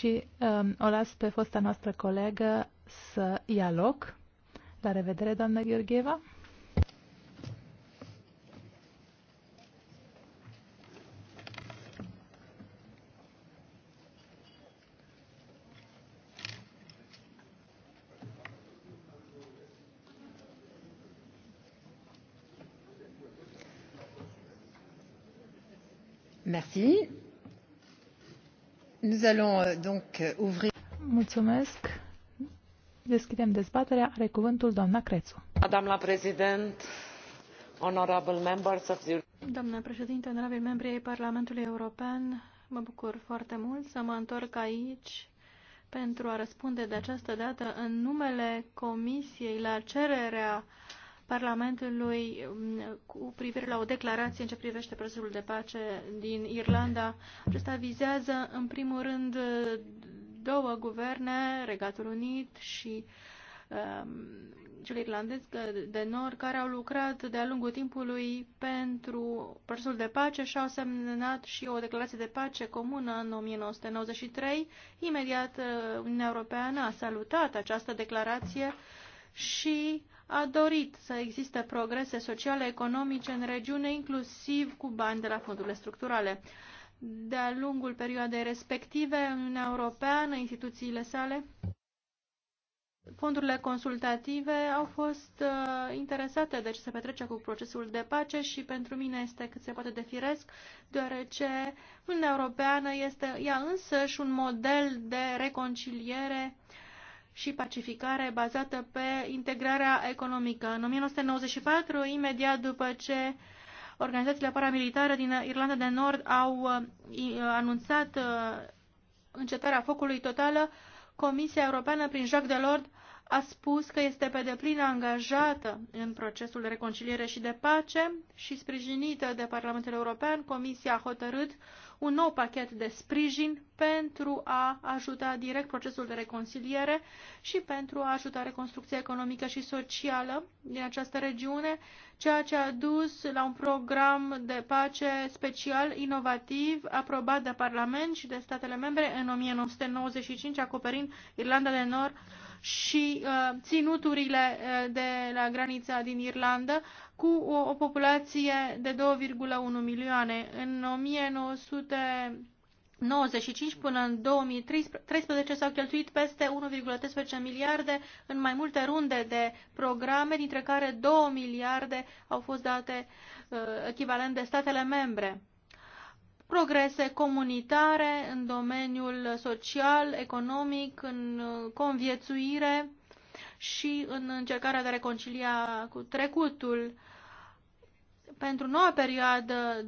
și um, o las pe fosta noastră colegă să ia loc. La revedere, doamnă Gheorgheva! Euh, doamnă euh, Mulțumesc. Deschidem cuvântul președinte, onorabili membri ai Parlamentului European, mă bucur foarte mult să mă întorc aici pentru a răspunde de această dată în numele Comisiei la cererea Parlamentului um, cu privire la o declarație în ce privește procesul de pace din Irlanda. Acesta vizează, în primul rând, două guverne, Regatul Unit și um, cel irlandez de nord, care au lucrat de-a lungul timpului pentru procesul de pace și au semnat și o declarație de pace comună în 1993. Imediat uh, Uniunea Europeană a salutat această declarație și a dorit să existe progrese sociale, economice în regiune, inclusiv cu bani de la fondurile structurale. De-a lungul perioadei respective, Uniunea Europeană, instituțiile sale, fondurile consultative au fost uh, interesate de deci ce se petrece cu procesul de pace și pentru mine este cât se poate de firesc, deoarece Uniunea Europeană este ea însăși un model de reconciliere uh, și pacificare bazată pe integrarea economică. În 1994, imediat după ce organizațiile paramilitare din Irlanda de Nord au uh, uh, anunțat uh, încetarea focului totală, Comisia Europeană, prin Jacques Delors, a spus că este pe deplin angajată în procesul de reconciliere și de pace și sprijinită de Parlamentul European, Comisia a hotărât un nou pachet de sprijin pentru a ajuta direct procesul de reconciliere și pentru a ajuta reconstrucția economică și socială din această regiune, ceea ce a dus la un program de pace special, inovativ, aprobat de Parlament și de statele membre în 1995, acoperind Irlanda de Nord, și uh, ținuturile uh, de la granița din Irlanda cu o, o populație de 2,1 milioane. În 1995 până în 2013 s-au cheltuit peste 1,13 miliarde în mai multe runde de programe, dintre care 2 miliarde au fost date uh, echivalent de statele membre progrese comunitare în domeniul social, economic, în conviețuire și în încercarea de a reconcilia cu trecutul. Pentru noua perioadă 2014-2020,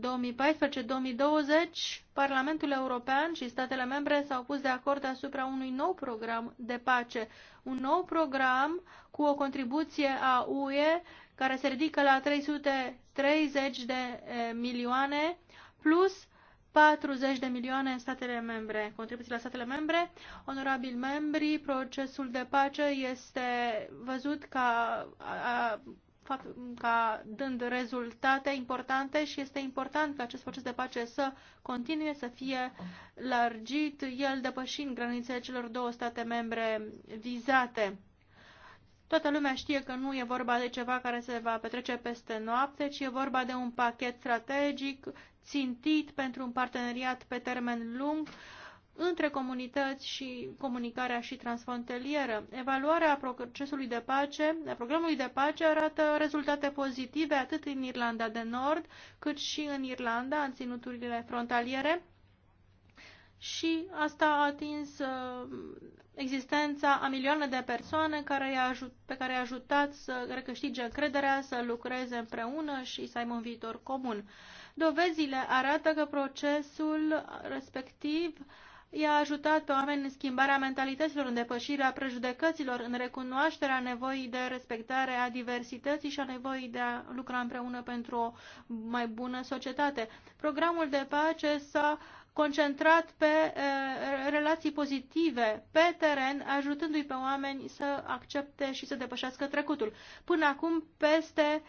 Parlamentul European și statele membre s-au pus de acord asupra unui nou program de pace, un nou program cu o contribuție a UE care se ridică la 330 de eh, milioane, plus 40 de milioane în statele membre, contribuții la statele membre. Onorabili membri, procesul de pace este văzut ca, a, a, ca dând rezultate importante și este important ca acest proces de pace să continue, să fie largit, el depășind granițele celor două state membre vizate. Toată lumea știe că nu e vorba de ceva care se va petrece peste noapte, ci e vorba de un pachet strategic țintit pentru un parteneriat pe termen lung între comunități și comunicarea și transfrontalieră. Evaluarea procesului de pace, a programului de pace arată rezultate pozitive atât în Irlanda de Nord, cât și în Irlanda, în ținuturile frontaliere și asta a atins uh, existența a milioane de persoane care ajut, pe care i-a ajutat să recâștige încrederea, să lucreze împreună și să aibă un viitor comun. Dovezile arată că procesul respectiv i-a ajutat pe oameni în schimbarea mentalităților, în depășirea prejudecăților, în recunoașterea nevoii de respectare a diversității și a nevoii de a lucra împreună pentru o mai bună societate. Programul de pace s-a concentrat pe e, relații pozitive, pe teren, ajutându-i pe oameni să accepte și să depășească trecutul. Până acum, peste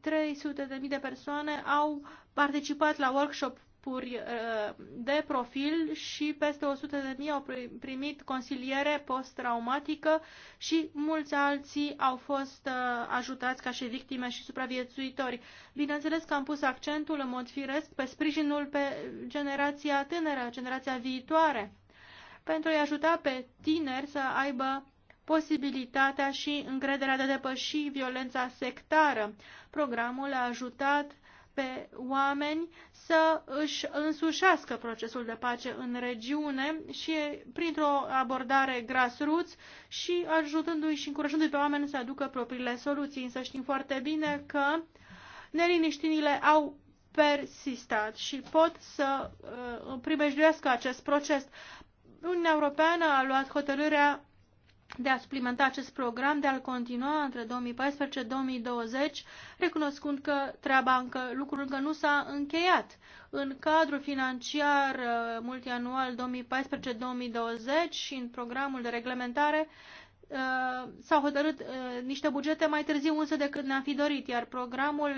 300.000 de persoane au participat la workshop-uri uh, de profil și peste 100.000 au primit consiliere post-traumatică și mulți alții au fost uh, ajutați ca și victime și supraviețuitori. Bineînțeles că am pus accentul în mod firesc pe sprijinul pe generația tânără, generația viitoare, pentru a-i ajuta pe tineri să aibă posibilitatea și încrederea de a depăși violența sectară programul a ajutat pe oameni să își însușească procesul de pace în regiune și printr-o abordare grassroots și ajutându-i și încurajându-i pe oameni să aducă propriile soluții. Însă știm foarte bine că neliniștinile au persistat și pot să uh, primejduiască acest proces. Uniunea Europeană a luat hotărârea de a suplimenta acest program, de a-l continua între 2014-2020, recunoscând că treaba încă, lucrul încă nu s-a încheiat. În cadrul financiar uh, multianual 2014-2020 și în programul de reglementare uh, s-au hotărât uh, niște bugete mai târziu însă decât ne-am fi dorit, iar programul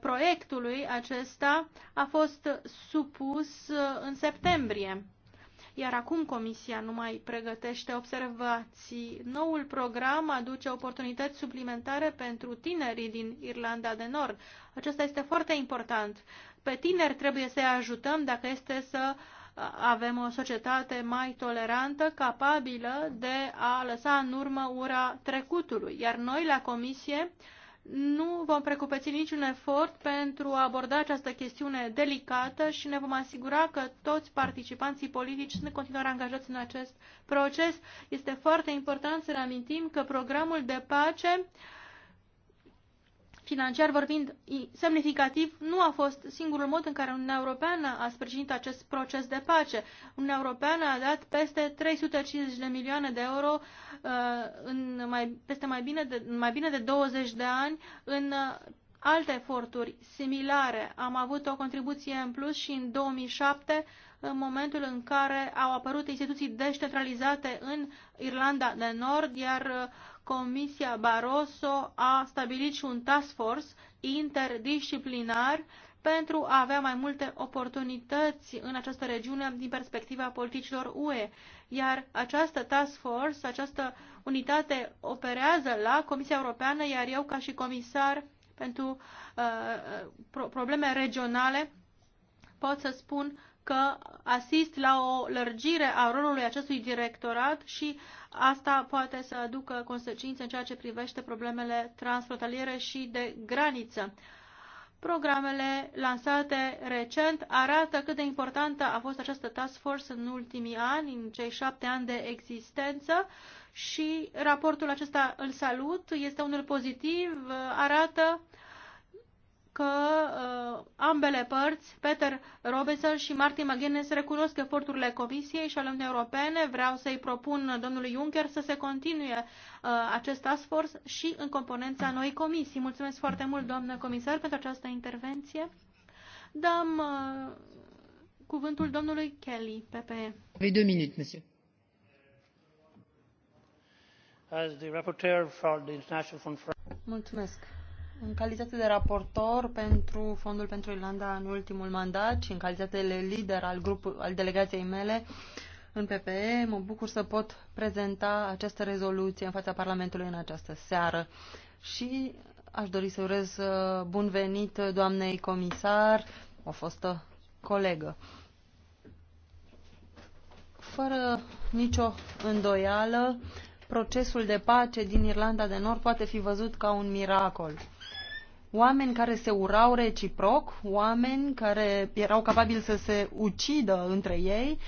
proiectului acesta a fost supus în septembrie iar acum Comisia nu mai pregătește observații. Noul program aduce oportunități suplimentare pentru tinerii din Irlanda de Nord. Acesta este foarte important. Pe tineri trebuie să-i ajutăm dacă este să avem o societate mai tolerantă, capabilă de a lăsa în urmă ura trecutului. Iar noi la Comisie nu vom precupeți niciun efort pentru a aborda această chestiune delicată și ne vom asigura că toți participanții politici sunt în continuare angajați în acest proces. Este foarte important să ne amintim că programul de pace uh, financiar vorbind, semnificativ, nu a fost singurul mod în care Uniunea Europeană a sprijinit acest proces de pace. Uniunea Europeană a dat peste 350 de milioane de euro uh, în mai, peste mai bine, de, mai bine de 20 de ani în uh, alte eforturi similare. Am avut o contribuție în plus și în 2007, în momentul în care au apărut instituții descentralizate în Irlanda de Nord, iar uh, Comisia Barroso a stabilit și un task force interdisciplinar pentru a avea mai multe oportunități în această regiune din perspectiva politicilor UE. Iar această task force, această unitate operează la Comisia Europeană, iar eu ca și comisar pentru uh, uh probleme regionale pot să spun că asist la o lărgire a rolului acestui directorat și asta poate să aducă consecințe în ceea ce privește problemele transfrontaliere și de graniță. Programele lansate recent arată cât de importantă a fost această task force în ultimii ani, în cei șapte ani de existență și raportul acesta îl salut, este unul pozitiv, arată uh, că uh, ambele părți, Peter Robeson și Martin McGuinness, recunosc eforturile Comisiei și ale Uniunii Europene. Vreau să-i propun domnului Juncker să se continue uh, acest task force și în componența noi comisii. Mulțumesc foarte mult, doamnă comisar, pentru această intervenție. Dăm uh, cuvântul domnului Kelly, PPE. Vei două minute, monsieur. Mulțumesc. În calitate de raportor pentru Fondul pentru Irlanda în ultimul mandat și în calitate de lider al, grup, al delegației mele în PPE, mă bucur să pot prezenta această rezoluție în fața Parlamentului în această seară. Și aș dori să urez uh, bun venit doamnei comisar, o fostă colegă. Fără nicio îndoială, procesul de pace din Irlanda de Nord poate fi văzut ca un miracol oameni care se urau reciproc, oameni care erau capabili să se ucidă între ei,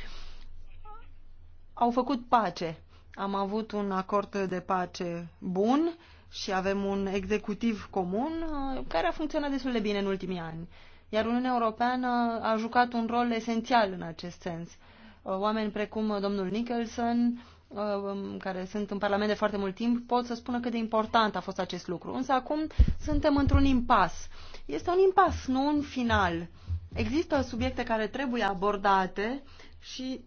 au făcut pace. Am avut un acord de pace bun și avem un executiv comun uh, care a funcționat destul de bine în ultimii ani. Iar Uniunea Europeană a jucat un rol esențial în acest sens. Uh, oameni precum domnul Nicholson, Um, care sunt în Parlament de foarte mult timp pot să spună cât de important a fost acest lucru. Însă acum suntem într-un impas. Este un impas, nu un final. Există subiecte care trebuie abordate și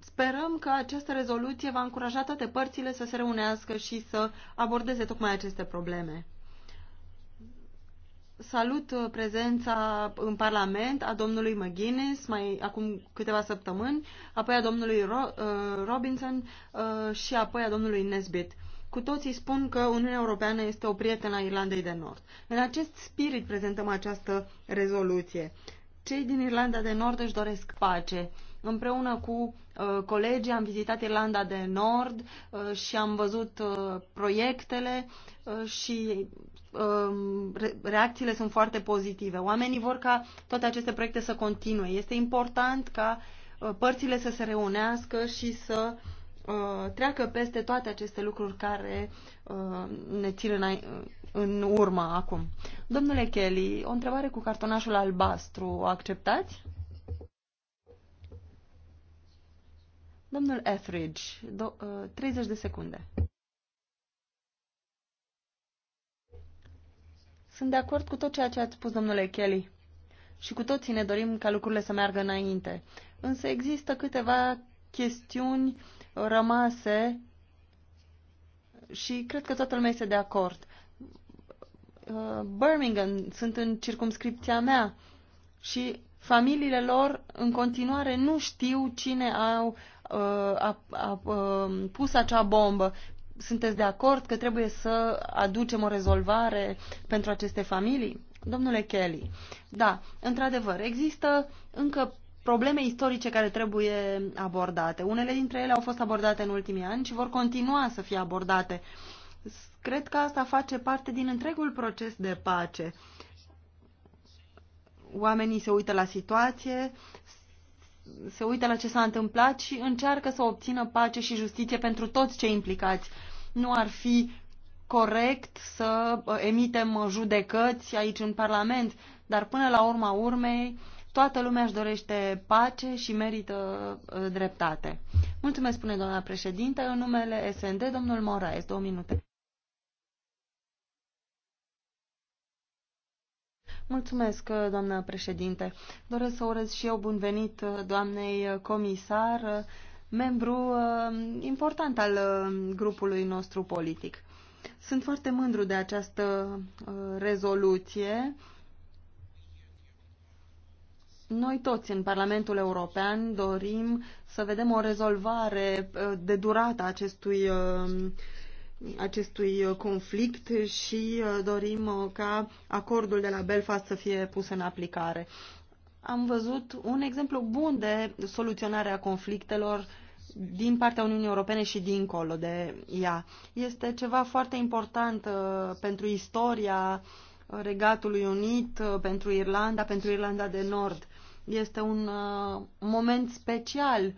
sperăm că această rezoluție va încuraja toate părțile să se reunească și să abordeze tocmai aceste probleme. Salut uh, prezența în Parlament a domnului McGuinness mai acum câteva săptămâni, apoi a domnului uh, Robinson uh, și apoi a domnului Nesbitt. Cu toții spun că Uniunea Europeană este o prietenă a Irlandei de Nord. În acest spirit prezentăm această rezoluție. Cei din Irlanda de Nord își doresc pace. Împreună cu uh, colegii am vizitat Irlanda de Nord uh, și am văzut uh, proiectele uh, și Um, reacțiile sunt foarte pozitive. Oamenii vor ca toate aceste proiecte să continue. Este important ca uh, părțile să se reunească și să uh, treacă peste toate aceste lucruri care uh, ne țin în, în urmă acum. Domnule Kelly, o întrebare cu cartonașul albastru. O acceptați? Domnul Etheridge, 30 de secunde. Sunt de acord cu tot ceea ce ați spus, domnule Kelly. Și cu toții ne dorim ca lucrurile să meargă înainte. Însă există câteva chestiuni rămase și cred că toată lumea este de acord. Uh, Birmingham sunt în circumscripția mea și familiile lor în continuare nu știu cine au uh, a, a, a uh, pus acea bombă sunteți de acord că trebuie să aducem o rezolvare pentru aceste familii? Domnule Kelly, da, într-adevăr, există încă probleme istorice care trebuie abordate. Unele dintre ele au fost abordate în ultimii ani și vor continua să fie abordate. Cred că asta face parte din întregul proces de pace. Oamenii se uită la situație, se uită la ce s-a întâmplat și încearcă să obțină pace și justiție pentru toți cei implicați. Nu ar fi corect să uh, emitem judecăți aici în Parlament, dar până la urma urmei toată lumea își dorește pace și merită uh, dreptate. Mulțumesc, spune doamna președinte, în numele SND, domnul Moraes, două minute. Mulțumesc, uh, doamnă președinte. Doresc să urez și eu bun venit uh, doamnei uh, comisar, membru important al grupului nostru politic. Sunt foarte mândru de această rezoluție. Noi toți în Parlamentul European dorim să vedem o rezolvare de durata acestui acestui uh, conflict și uh, dorim uh, ca acordul de la Belfast să fie pus în aplicare. Am văzut un exemplu bun de soluționare a conflictelor din partea Uniunii Europene și dincolo de ea. Este ceva foarte important pentru istoria Regatului Unit, pentru Irlanda, pentru Irlanda de Nord. Este un moment special.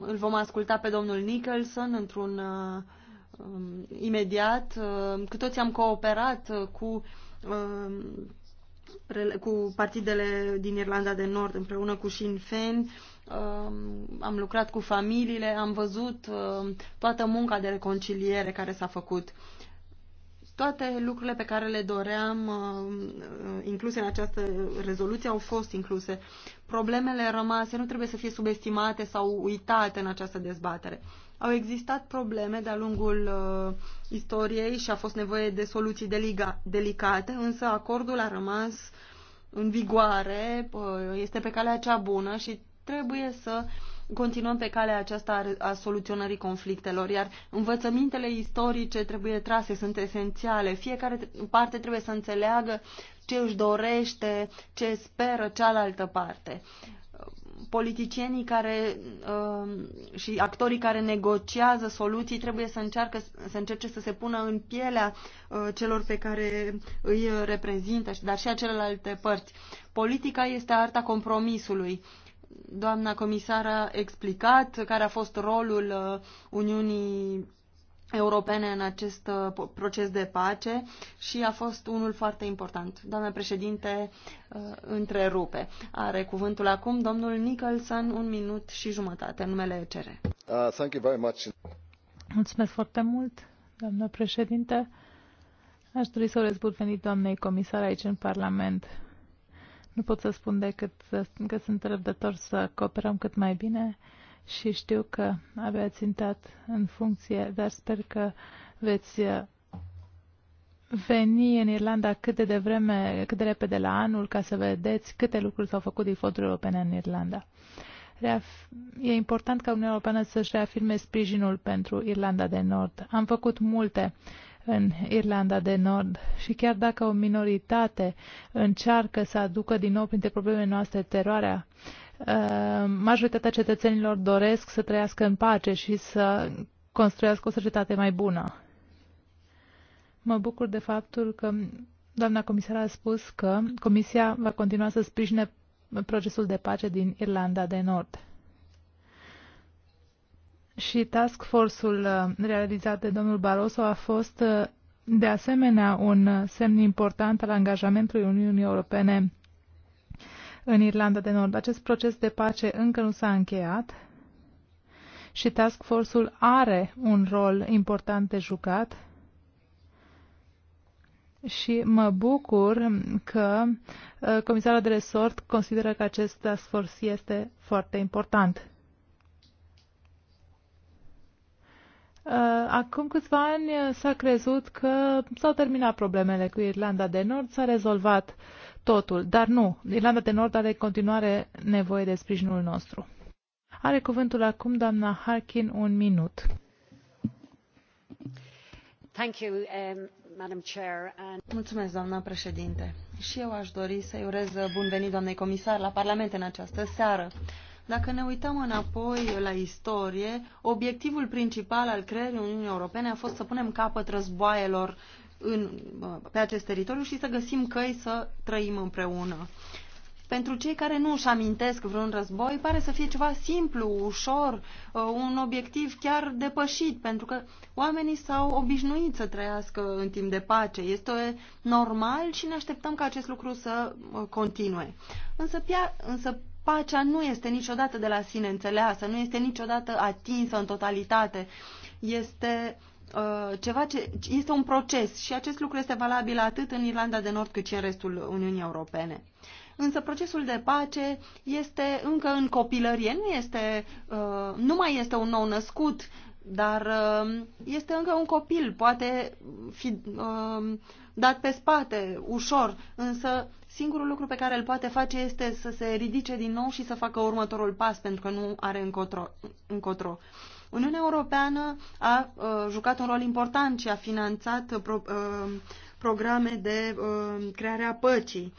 Îl vom asculta pe domnul Nicholson într-un Um, imediat. Uh, um, cu toți am cooperat uh, cu, uh, cu partidele din Irlanda de Nord împreună cu Sinn Féin. Uh, am lucrat cu familiile, am văzut uh, toată munca de reconciliere care s-a făcut. Toate lucrurile pe care le doream uh, incluse în această rezoluție au fost incluse. Problemele rămase nu trebuie să fie subestimate sau uitate în această dezbatere. Uh, au existat probleme de-a lungul uh, istoriei și a fost nevoie de soluții deliga, delicate, însă acordul a rămas în vigoare, uh, este pe calea cea bună și trebuie să continuăm pe calea aceasta a, a soluționării conflictelor, iar învățămintele istorice trebuie trase, sunt esențiale. Fiecare parte trebuie să înțeleagă ce își dorește, ce speră cealaltă parte. Uh, politicienii care, uh, și actorii care negociază soluții trebuie să, încearcă, să încerce să se pună în pielea uh, celor pe care îi reprezintă, dar și a celelalte părți. Politica este arta compromisului. Doamna comisară a explicat care a fost rolul uh, Uniunii europene în acest uh, proces de pace și a fost unul foarte important. Doamna președinte, uh, întrerupe. Are cuvântul acum domnul Nicholson, un minut și jumătate, numele ECR. Uh, thank you very much. Mulțumesc foarte mult, doamna președinte. Aș dori să urez bun venit doamnei comisar aici în Parlament. Nu pot să spun decât că sunt răbdător să cooperăm cât mai bine și știu că abia intrat în funcție, dar sper că veți uh, veni în Irlanda cât de devreme, cât de repede la anul, ca să vedeți câte lucruri s-au făcut din fonduri europene în Irlanda. Reaf- e important ca Uniunea Europeană să-și reafirme sprijinul pentru Irlanda de Nord. Am făcut multe în Irlanda de Nord și chiar dacă o minoritate încearcă să aducă din nou printre problemele noastre teroarea, uh, Uh, majoritatea cetățenilor doresc să trăiască în pace și să construiască o societate mai bună. Mă bucur de faptul că doamna comisar a spus că Comisia va continua să sprijine procesul de pace din Irlanda de Nord. Și task force-ul uh, realizat de domnul Barroso a fost uh, de asemenea un semn important al angajamentului Uniunii Europene în Irlanda de Nord. Acest proces de pace încă nu s-a încheiat și Task Force-ul are un rol important de jucat și mă bucur că uh, comisarul de resort consideră că acest task force este foarte important. Uh, acum câțiva ani s-a crezut că s-au terminat problemele cu Irlanda de Nord, s-a rezolvat uh, totul, dar nu. Irlanda de Nord are continuare nevoie de sprijinul nostru. Are cuvântul acum doamna Harkin un minut. Um, Mulțumesc, doamna președinte. Și eu aș dori să-i urez bun venit doamnei comisar la Parlament în această seară. Dacă ne uităm înapoi la istorie, obiectivul principal al creierii Uniunii Europene a fost să punem capăt războaielor în, uh, pe acest teritoriu și să găsim căi să trăim împreună. Pentru cei care nu își amintesc vreun război, pare să fie ceva simplu, ușor, uh, un obiectiv chiar depășit, pentru că oamenii s-au obișnuit să trăiască în timp de pace. Este normal și ne așteptăm ca acest lucru să uh, continue. Însă, pia, însă pacea nu este niciodată de la sine înțeleasă, nu este niciodată atinsă în totalitate. Este Uh, ceva ce este un proces și acest lucru este valabil atât în Irlanda de Nord cât și în restul Uniunii Europene. Însă procesul de pace este încă în copilărie, nu, este, uh, nu mai este un nou născut, dar uh, este încă un copil, poate fi dat pe spate, ușor, însă singurul lucru pe care îl poate face este să se ridice din nou și să facă următorul pas, pentru că nu are încotro. încotro. Uniunea Europeană a uh, jucat un rol important și a finanțat uh, pro, uh, programe de creare a păcii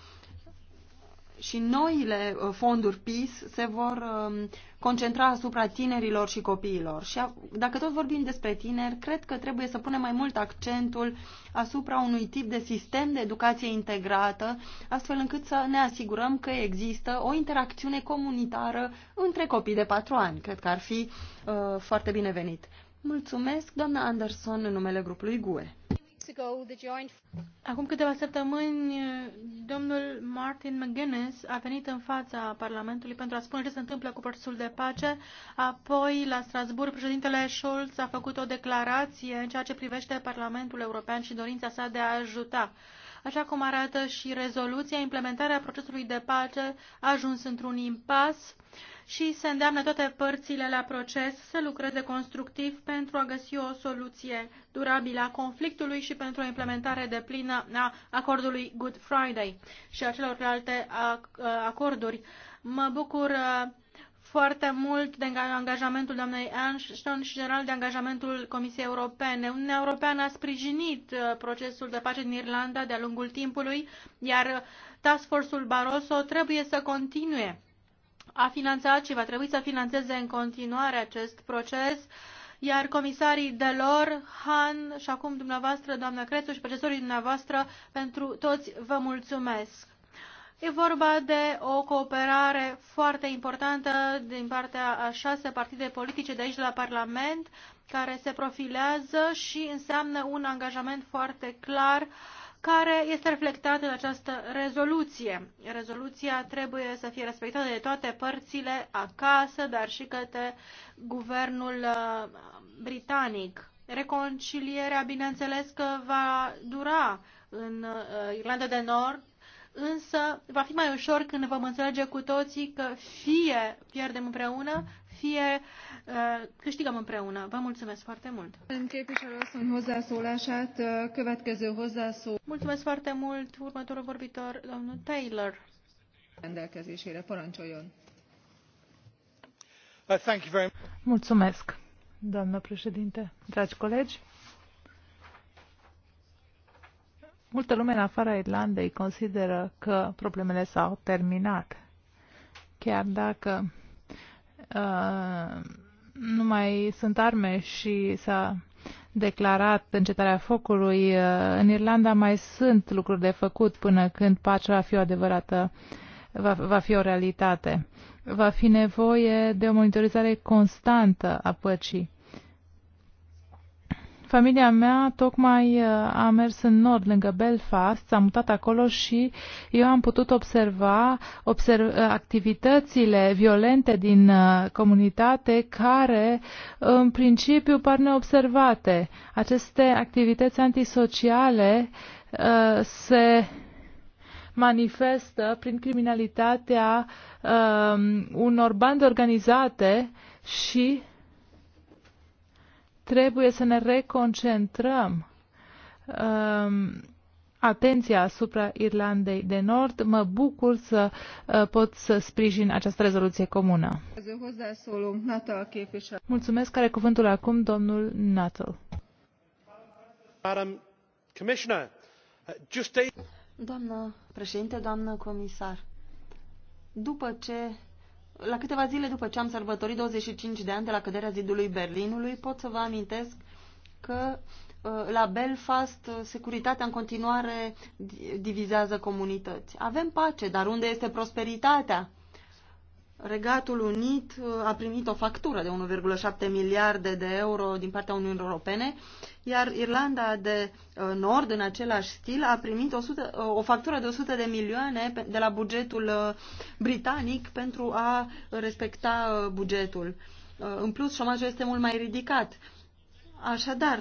și noile uh, fonduri PIS se vor um, concentra asupra tinerilor și copiilor. Și dacă tot vorbim despre tineri, cred că trebuie să punem mai mult accentul asupra unui tip de sistem de educație integrată, astfel încât să ne asigurăm că există o interacțiune comunitară între copii de patru ani. Cred că ar fi uh, foarte binevenit. Mulțumesc, doamna Anderson, în numele grupului GUE. Acum câteva săptămâni, domnul Martin McGuinness a venit în fața Parlamentului pentru a spune ce se întâmplă cu procesul de pace. Apoi, la Strasburg, președintele Schulz a făcut o declarație în ceea ce privește Parlamentul European și dorința sa de a ajuta. Așa cum arată și rezoluția, implementarea procesului de pace a ajuns într-un impas. Uh, și se îndeamnă toate părțile la proces să lucreze constructiv pentru a găsi o soluție durabilă a conflictului și pentru o implementare de plină a acordului Good Friday și a celorlalte acorduri. Mă bucur uh, foarte mult de angajamentul doamnei Ashton și general de angajamentul Comisiei Europene. Uniunea Europeană a sprijinit uh, procesul de pace din Irlanda de-a lungul timpului, iar uh, Task Force-ul Barroso trebuie să continue a finanțat și va trebui să finanțeze în continuare acest proces, iar comisarii Delor, Han și acum dumneavoastră, doamna Crețu și profesorii dumneavoastră, pentru toți vă mulțumesc. E vorba de o cooperare foarte importantă din partea a șase partide politice de aici de la Parlament, care se profilează și înseamnă un angajament foarte clar uh, care este reflectat în această rezoluție. Rezoluția trebuie să fie respectată de toate părțile acasă, dar și către guvernul uh, britanic. Reconcilierea, bineînțeles că va dura în uh, Irlanda de Nord, însă va fi mai ușor când vom înțelege cu toții că fie pierdem împreună, fie uh, câștigăm împreună. Vă mulțumesc foarte mult! Mulțumesc foarte mult! Următorul vorbitor, domnul Taylor. Uh, mulțumesc, doamnă președinte, dragi colegi. Multă lume în afara Irlandei consideră că problemele s-au terminat, chiar dacă Uh, nu mai sunt arme și s-a declarat încetarea focului. Uh, în Irlanda mai sunt lucruri de făcut până când pacea va fi o adevărată, va, va fi o realitate. Va fi nevoie de o monitorizare constantă a păcii Familia mea tocmai uh, a mers în nord, lângă Belfast, s-a mutat acolo și eu am putut observa observ, uh, activitățile violente din uh, comunitate care, în principiu, par neobservate. Aceste activități antisociale se manifestă prin criminalitatea unor bande organizate și Trebuie să ne reconcentrăm um, atenția asupra Irlandei de Nord. Mă bucur să uh, pot să sprijin această rezoluție comună. Mulțumesc. Care cuvântul acum domnul Nuttall. Doamnă președinte, doamnă comisar, după ce la câteva zile după ce am sărbătorit 25 de ani de la căderea zidului Berlinului, pot să vă amintesc că uh, la Belfast uh, securitatea în continuare divizează comunități. Avem pace, dar unde este prosperitatea? Regatul Unit uh, a primit o factură de 1,7 miliarde de euro din partea Uniunii Europene, iar Irlanda de uh, Nord, în același stil, a primit 100, uh, o factură de 100 de milioane de la bugetul britanic pentru a respecta bugetul. În plus, șomajul este mult mai ridicat. Așadar,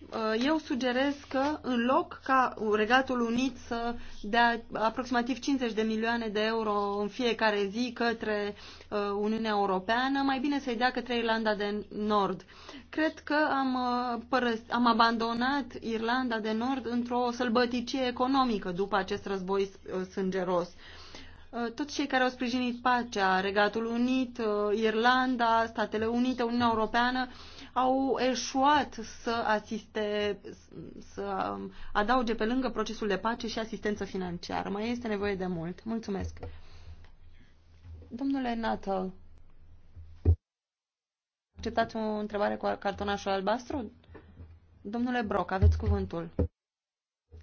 Uh, eu sugerez că în loc ca Regatul Unit să dea aproximativ 50 de milioane de euro în fiecare zi către uh, Uniunea Europeană, mai bine să-i dea către Irlanda de Nord. Cred că am, uh, părăs, am abandonat Irlanda de Nord într-o sălbăticie economică după acest război sângeros. Toți cei care au sprijinit pacea, Regatul Unit, Irlanda, Statele Unite, Uniunea Europeană, au eșuat să asiste, să um, adauge pe lângă procesul de pace și asistență financiară. Mai este nevoie de mult. Mulțumesc. Domnule Natal, acceptați o întrebare cu cartonașul albastru? Domnule Broc, aveți cuvântul.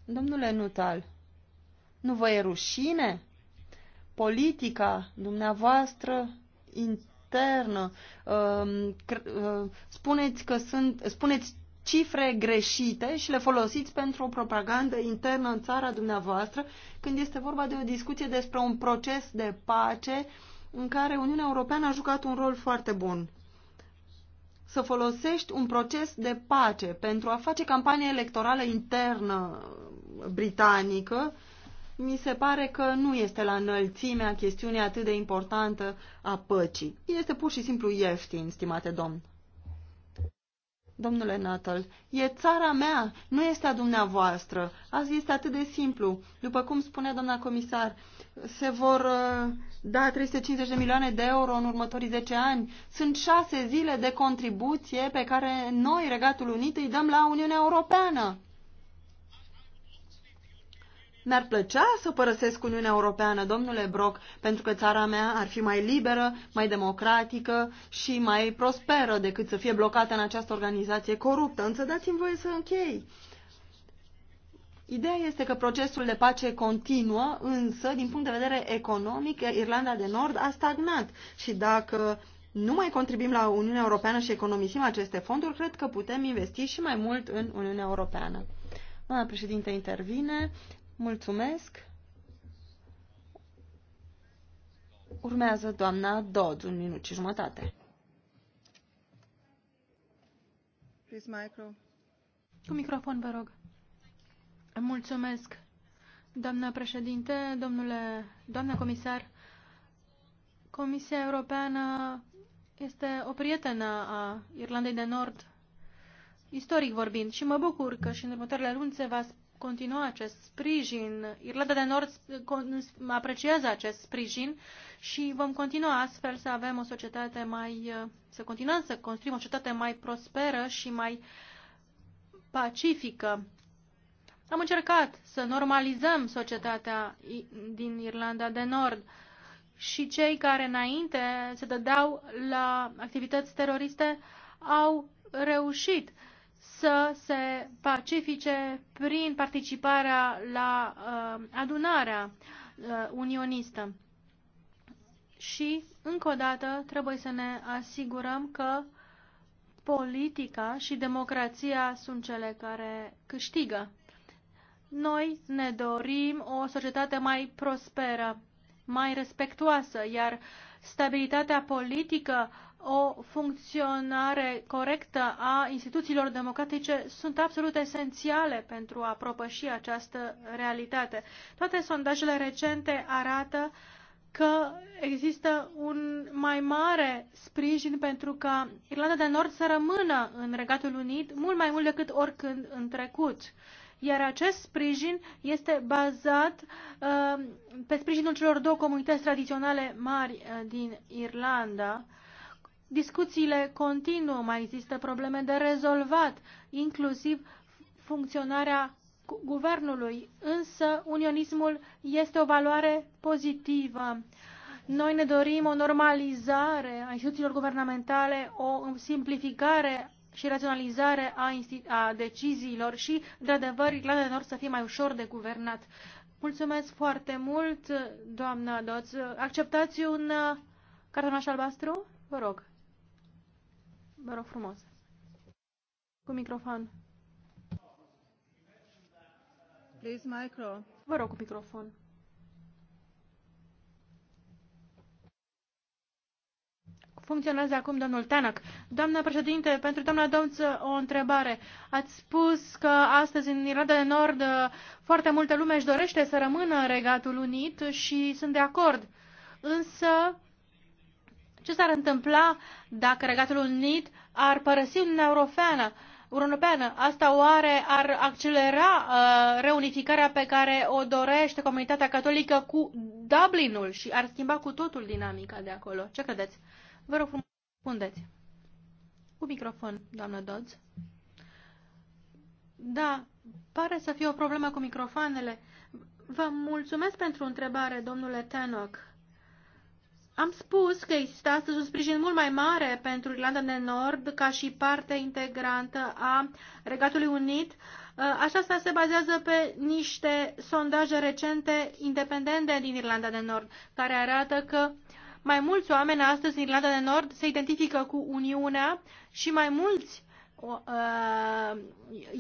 Domnule Nutal, nu vă e rușine? Politica dumneavoastră externă. Um, uh, spuneți că sunt, spuneți cifre greșite și le folosiți pentru o propagandă internă în țara dumneavoastră, când este vorba de o discuție despre un proces de pace în care Uniunea Europeană a jucat un rol foarte bun. Să folosești un proces de pace pentru a face campanie electorală internă britanică, uh, mi se pare că nu este la înălțimea chestiunii atât de importantă a păcii. Este pur și simplu ieftin, stimate domn. Domnule Natal, e țara mea, nu este a dumneavoastră. Azi este atât de simplu. După cum spunea doamna comisar, se vor uh, da 350 de milioane de euro în următorii 10 ani. Sunt șase zile de contribuție pe care noi, Regatul Unit, îi dăm la Uniunea Europeană. Mi-ar plăcea să părăsesc Uniunea Europeană, domnule Brock, pentru că țara mea ar fi mai liberă, mai democratică și mai prosperă decât să fie blocată în această organizație coruptă. Însă dați-mi voie să închei. Ideea este că procesul de pace continuă, însă, din punct de vedere economic, Irlanda de Nord a stagnat. Și dacă nu mai contribuim la Uniunea Europeană și economisim aceste fonduri, cred că putem investi și mai mult în Uniunea Europeană. Doamna președinte intervine. Mulțumesc. Urmează doamna Dodd, un minut și jumătate. Cu microfon, vă rog. Mulțumesc, doamna președinte, domnule, doamna comisar. Comisia Europeană este o prietenă a Irlandei de Nord, istoric vorbind, și mă bucur că și în următoarele luni se va continua acest sprijin. Irlanda de Nord apreciază acest sprijin și vom continua astfel să avem o societate mai, să continuăm să construim o societate mai prosperă și mai pacifică. Am încercat să normalizăm societatea din Irlanda de Nord și cei care înainte se dădeau la activități teroriste au reușit să se pacifice prin participarea la uh, adunarea uh, unionistă. Și, încă o dată, trebuie să ne asigurăm că politica și democrația sunt cele care câștigă. Noi ne dorim o societate mai prosperă, mai respectuoasă, iar stabilitatea politică uh, o funcționare corectă a instituțiilor democratice sunt absolut esențiale pentru a propăși această realitate. Toate sondajele recente arată că există un mai mare sprijin pentru ca Irlanda de Nord să rămână în Regatul Unit mult mai mult decât oricând în trecut. Iar acest sprijin este bazat uh, pe sprijinul celor două comunități tradiționale mari uh, din Irlanda. Uh, Discuțiile continuă, mai există probleme de rezolvat, inclusiv funcționarea guvernului, însă unionismul este o valoare pozitivă. Noi ne dorim o normalizare a instituțiilor guvernamentale, o simplificare și raționalizare a, a deciziilor și, de adevăr, Irlanda de Nord să fie mai ușor de guvernat. Mulțumesc foarte mult, doamna Doț. Acceptați un uh, cartonaș albastru? Vă rog. Vă rog frumos. Cu microfon. Please, micro. Vă rog cu microfon. funcționează acum domnul Tanac. Doamna președinte, pentru doamna Domț o întrebare. Ați spus că astăzi în Irlanda de Nord foarte multă lume își dorește să rămână în Regatul Unit și sunt de acord. Însă ce s-ar întâmpla dacă Regatul Unit ar părăsi Uniunea Europeană? Europeană. Asta oare ar accelera uh, reunificarea pe care o dorește comunitatea catolică cu Dublinul și ar schimba cu totul dinamica de acolo? Ce credeți? Vă rog frumos, răspundeți. Cu microfon, doamnă Dodds. Da, pare să fie o problemă cu microfoanele. Vă mulțumesc pentru întrebare, domnule Tenoch. Am spus că există astăzi un sprijin mult mai mare pentru Irlanda de Nord ca și parte integrantă a Regatului Unit. Uh, Aceasta se bazează pe niște sondaje recente independente din Irlanda de Nord, care arată că mai mulți oameni astăzi în Irlanda de Nord se identifică cu Uniunea și mai mulți uh,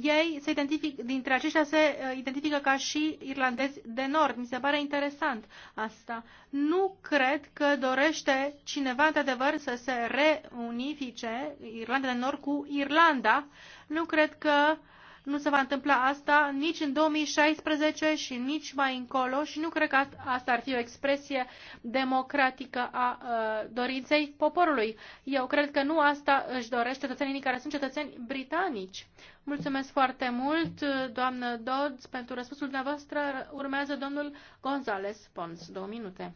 ei se identific, dintre aceștia se uh, identifică ca și irlandezi de nord. Mi se pare interesant asta. Nu cred că dorește cineva, într-adevăr, să se reunifice Irlanda de nord cu Irlanda. Nu cred că uh, nu se va întâmpla asta nici în 2016 și nici mai încolo și nu cred că asta ar fi o expresie democratică a uh, dorinței poporului. Eu cred că nu asta își doresc cetățenii care sunt cetățeni britanici. Mulțumesc foarte mult, doamnă Dodds, pentru răspunsul dumneavoastră. Urmează domnul González Pons. Două minute.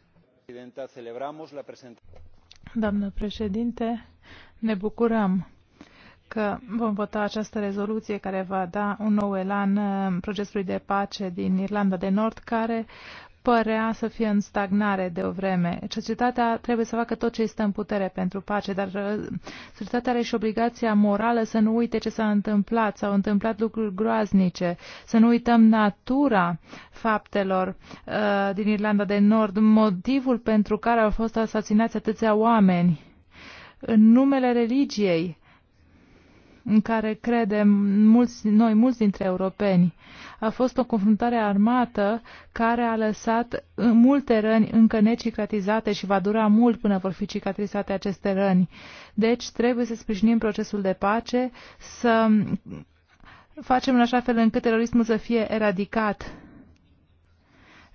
Doamnă președinte, ne bucurăm că vom vota această rezoluție care va da un nou elan uh, procesului de pace din Irlanda de Nord, care părea să fie în stagnare de o vreme. Societatea trebuie să facă tot ce este în putere pentru pace, dar uh, societatea are și obligația morală să nu uite ce s-a întâmplat, s-au întâmplat lucruri groaznice, să nu uităm natura faptelor uh, din Irlanda de Nord, motivul pentru care au fost asasinați atâția oameni în numele religiei în care credem mulți, noi, mulți dintre europeni. A fost o confruntare armată care a lăsat uh, multe răni încă necicatrizate și va dura mult până vor fi cicatrizate aceste răni. Deci trebuie să sprijinim procesul de pace, să facem în așa fel încât terorismul să fie eradicat.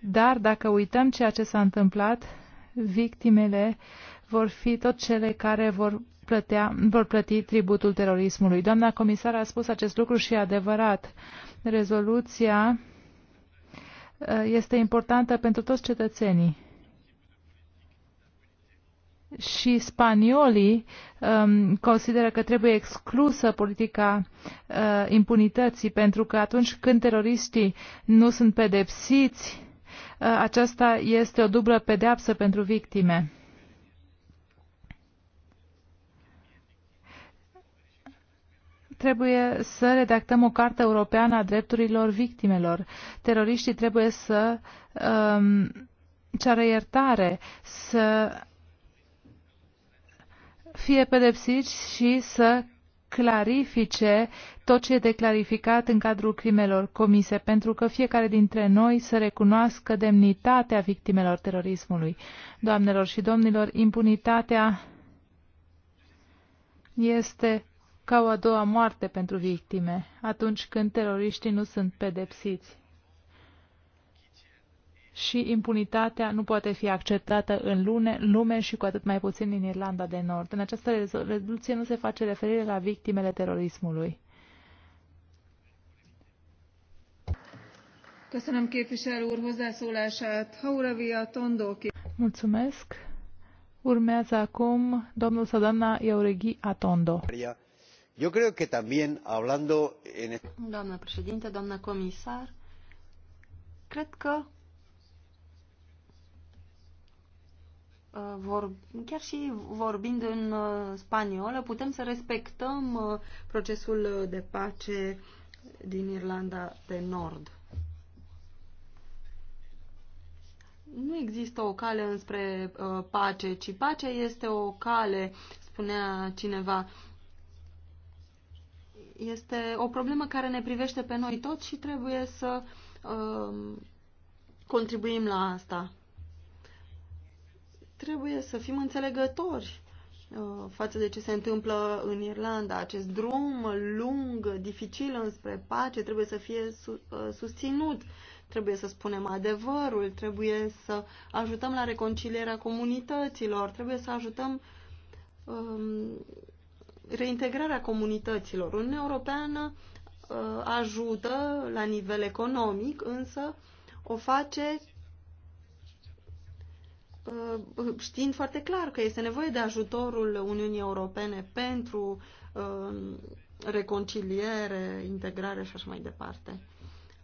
Dar dacă uităm ceea ce s-a întâmplat, victimele vor fi tot cele care vor plătea, vor plăti tributul terorismului. Doamna comisar a spus acest lucru și e adevărat. Rezoluția uh, este importantă pentru toți cetățenii. Și spaniolii um, consideră că trebuie exclusă politica uh, impunității, pentru că atunci când teroriștii nu sunt pedepsiți, uh, aceasta este o dublă pedeapsă pentru victime. Trebuie să redactăm o carte europeană a drepturilor victimelor. Teroriștii trebuie să um, ceară iertare, să fie pedepsiți și să clarifice tot ce e de clarificat în cadrul crimelor comise, pentru că fiecare dintre noi să recunoască demnitatea victimelor terorismului. Doamnelor și domnilor, impunitatea este ca o a doua moarte pentru victime, atunci când teroriștii nu sunt pedepsiți. Și impunitatea nu poate fi acceptată în lume, lume și cu atât mai puțin în Irlanda de Nord. În această rezoluție nu se face referire la victimele terorismului. Mulțumesc. Urmează acum domnul sau doamna Iaureghi Atondo. Maria Doamnă președinte, doamnă comisar, cred că uh, chiar și vorbind în uh, spaniolă, putem să respectăm uh, procesul de pace din Irlanda de Nord. Nu există o cale înspre pace, ci pacea este o cale, spunea cineva. Este o problemă care ne privește pe noi toți și trebuie să um, contribuim la asta. Trebuie să fim înțelegători uh, față de ce se întâmplă în Irlanda. Acest drum lung, dificil înspre pace, trebuie să fie uh, susținut. Trebuie să spunem adevărul, trebuie să ajutăm la reconcilierea comunităților, trebuie să ajutăm um, reintegrarea comunităților. Uniunea Europeană uh, ajută la nivel economic, însă o face uh, știind foarte clar că este nevoie de ajutorul Uniunii Europene pentru uh, reconciliere, integrare și așa mai departe.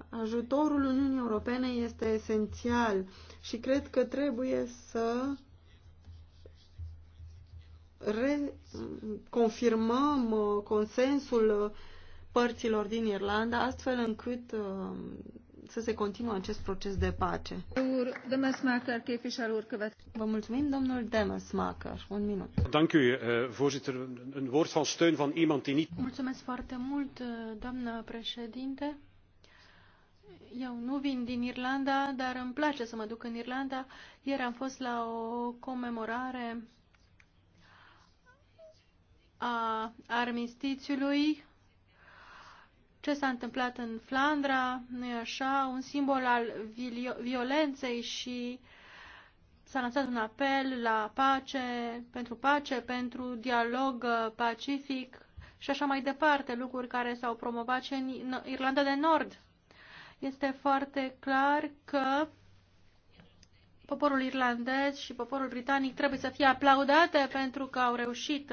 Ajutorul Uniunii Europene este esențial și cred că trebuie să confirmăm uh, consensul uh, părților din Irlanda, astfel încât uh, să se continue acest proces de pace. Vă mulțumim, domnul Demesmaker. Un minut. Dank u, eh, voorzitter. Een woord van steun van iemand die niet... Mulțumesc foarte mult, eh, doamnă președinte. Eu nu vin din Irlanda, dar îmi place să mă duc în Irlanda. Ieri am fost la o comemorare a armistițiului, ce s-a întâmplat în Flandra, nu e așa, un simbol al violenței și s-a lansat un apel la pace, pentru pace, pentru dialog uh, pacific și așa mai departe, lucruri care s-au promovat și în Irlanda de Nord. Este foarte clar că poporul irlandez și poporul britanic trebuie să fie aplaudate pentru că au reușit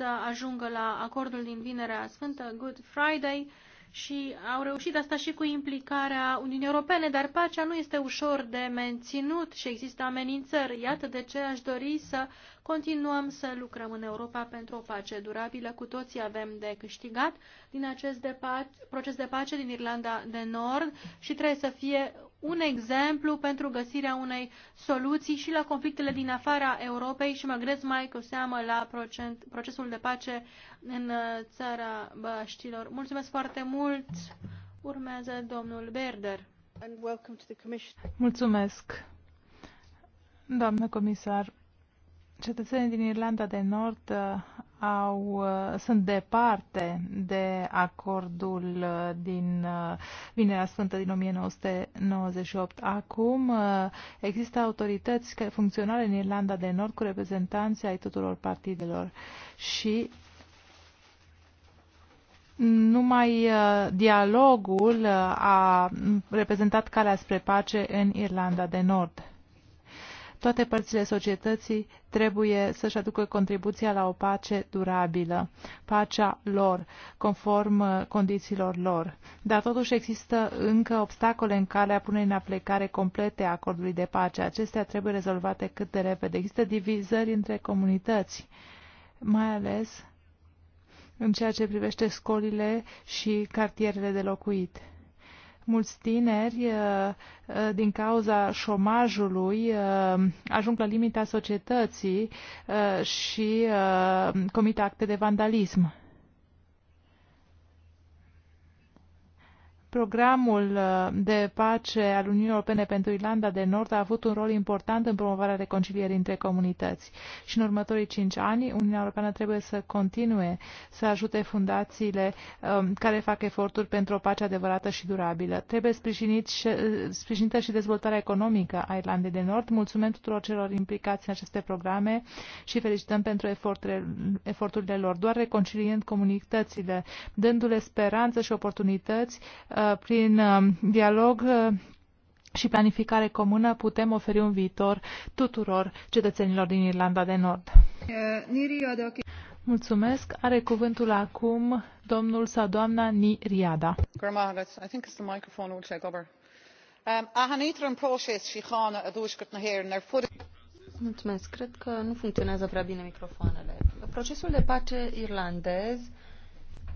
să ajungă la acordul din Vinerea Sfântă, Good Friday, și au reușit asta și cu implicarea Uniunii Europene, dar pacea nu este ușor de menținut și există amenințări. Iată de ce aș dori să continuăm să lucrăm în Europa pentru o pace durabilă. Cu toții avem de câștigat din acest de pace, proces de pace din Irlanda de Nord și trebuie să fie un exemplu pentru găsirea unei soluții și la conflictele din afara Europei și mă grez mai cu seamă la procent, procesul de pace în uh, țara Baștilor. Mulțumesc foarte mult! Urmează domnul Berder. Mulțumesc, doamnă comisar cetățenii din Irlanda de Nord uh, au, uh, sunt departe de acordul uh, din Vinerea Sfântă din 1998. Acum există autorități funcționale în Irlanda de Nord cu reprezentanții ai tuturor partidelor și numai dialogul a reprezentat calea spre pace în Irlanda de Nord. Toate părțile societății trebuie să-și aducă contribuția la o pace durabilă, pacea lor, conform uh, condițiilor lor. Dar totuși există încă obstacole în calea punerii în aplicare complete a acordului de pace. Acestea trebuie rezolvate cât de repede. Există divizări între comunități, mai ales în ceea ce privește scolile și cartierele de locuit mulți tineri, uh, uh, din cauza șomajului, uh, ajung la limita societății și comit acte de vandalism. Programul uh, de pace al Uniunii Europene pentru Irlanda de Nord a avut un rol important în promovarea reconcilierii între comunități și în următorii cinci ani Uniunea Europeană trebuie să continue să ajute fundațiile um, care fac eforturi pentru o pace adevărată și durabilă. Trebuie sprijinit și, uh, sprijinită și dezvoltarea economică a Irlandei de Nord. Mulțumim tuturor celor implicați în aceste programe și felicităm pentru eforturile lor. Doar reconciliind comunitățile, dându-le speranță și oportunități, uh, Uh, prin um, dialog uh, și planificare comună putem oferi un viitor tuturor cetățenilor din Irlanda de Nord. Mulțumesc. Are cuvântul acum domnul sau doamna Ni Riada. Um, Mulțumesc. Cred că nu funcționează prea bine microfoanele. Procesul de pace irlandez uh,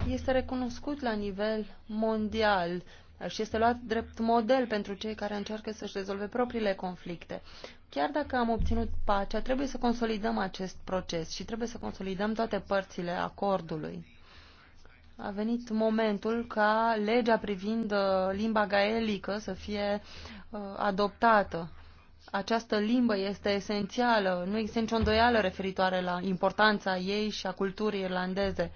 este recunoscut la nivel mondial și este luat drept model pentru cei care încearcă să-și rezolve propriile conflicte. Chiar dacă am obținut pacea, trebuie să consolidăm acest proces și trebuie să consolidăm toate părțile acordului. A venit momentul ca legea privind uh, limba gaelică să fie uh, adoptată. Această limbă este esențială, nu există nicio îndoială referitoare la importanța ei și a culturii irlandeze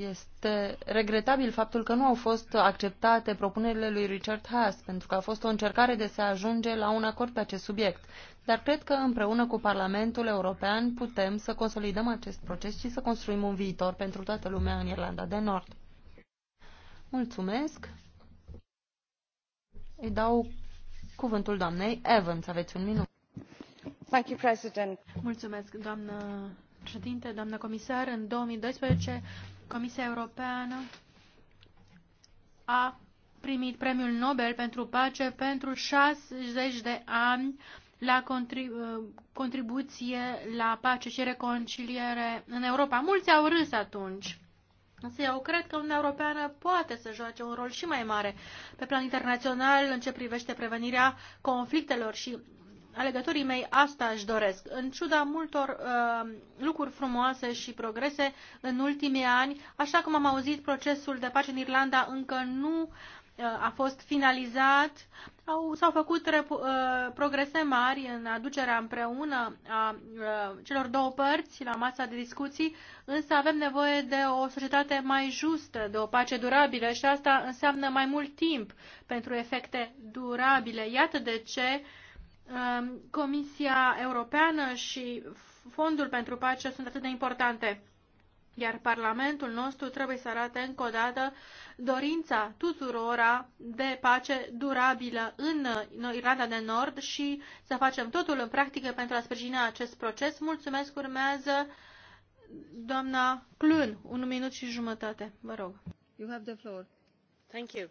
este regretabil faptul că nu au fost acceptate propunerile lui Richard Haas, pentru că a fost o încercare de se ajunge la un acord pe acest subiect. Dar cred că împreună cu Parlamentul European putem să consolidăm acest proces și să construim un viitor pentru toată lumea în Irlanda de Nord. Mulțumesc. Îi dau cuvântul doamnei Evans. Aveți un minut. Thank you, President. Mulțumesc, doamnă președinte, doamnă comisar. În 2012 Comisia Europeană a primit premiul Nobel pentru pace pentru 60 de ani la contribu uh, contribuție la pace și reconciliere în Europa. Mulți au râs atunci. Însă eu cred că Uniunea Europeană poate să joace un rol și mai mare pe plan internațional în ce privește prevenirea conflictelor și alegătorii mei asta își doresc. În ciuda multor uh, lucruri frumoase și progrese în ultimii ani, așa cum am auzit, procesul de pace în Irlanda încă nu uh, a fost finalizat, s-au făcut rep, uh, progrese mari în aducerea împreună a uh, celor două părți la masa de discuții, însă avem nevoie de o societate mai justă, de o pace durabilă și asta înseamnă mai mult timp pentru efecte durabile. Iată de ce uh, Um, Comisia Europeană și Fondul pentru Pace sunt atât de importante. Iar Parlamentul nostru trebuie să arate încă o dată dorința tuturora de pace durabilă în Irlanda de Nord și să facem totul în practică pentru a sprijini acest proces. Mulțumesc, urmează doamna Clun, un minut și jumătate, vă rog. You have the floor. Thank you.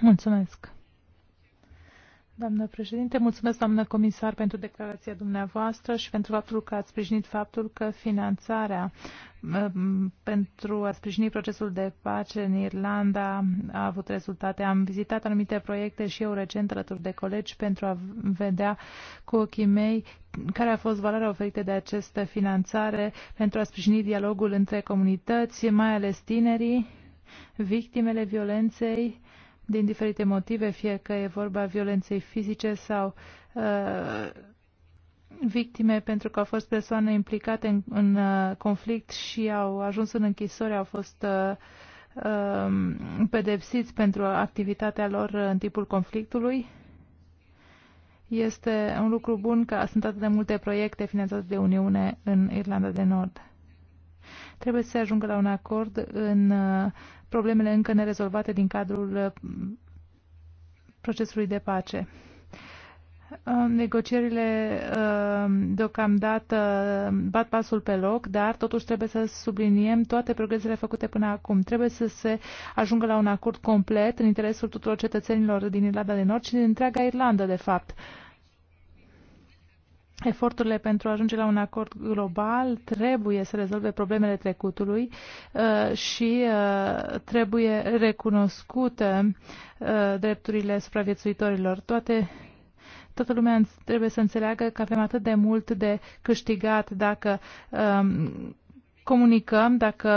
Mulțumesc. Doamnă președinte, mulțumesc, doamnă comisar, pentru declarația dumneavoastră și pentru faptul că ați sprijinit faptul că finanțarea pentru a sprijini procesul de pace în Irlanda a avut rezultate. Am vizitat anumite proiecte și eu recent alături de colegi pentru a vedea cu ochii mei care a fost valoarea oferită de această finanțare pentru a sprijini dialogul între comunități, mai ales tinerii, victimele violenței, din diferite motive, fie că e vorba violenței fizice sau uh, victime pentru că au fost persoane implicate în, în uh, conflict și au ajuns în închisori, au fost uh, uh, pedepsiți pentru activitatea lor în timpul conflictului. Este un lucru bun că sunt atât de multe proiecte finanțate de Uniune în Irlanda de Nord. Trebuie să ajungă la un acord în uh, problemele încă nerezolvate din cadrul uh, procesului de pace. Uh, negocierile deocamdată bat pasul pe loc, dar totuși trebuie să subliniem toate progresele făcute până acum. Trebuie să se ajungă la un acord complet în interesul tuturor cetățenilor din Irlanda de Nord și din întreaga Irlandă, de fapt. Eforturile pentru a ajunge la un acord global trebuie să rezolve problemele trecutului uh, și uh, trebuie recunoscute uh, drepturile supraviețuitorilor. Toate toată lumea trebuie să înțeleagă că avem atât de mult de câștigat dacă um, comunicăm, dacă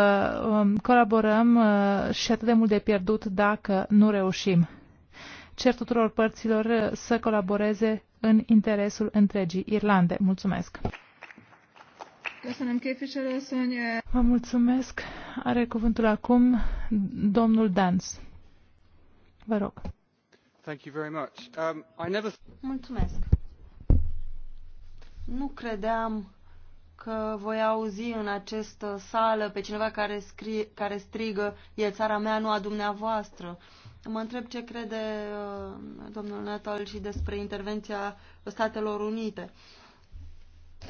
um, colaborăm uh, și atât de mult de pierdut dacă nu reușim cer tuturor părților uh, să colaboreze în interesul întregii Irlande. Mulțumesc! Vă mulțumesc. Are cuvântul acum domnul Dans. Vă rog. Um, mulțumesc. Nu credeam că voi auzi în această sală pe cineva care, scrie, care strigă e țara mea, nu a dumneavoastră. Mă întreb ce crede uh, domnul Natal și despre intervenția Statelor Unite.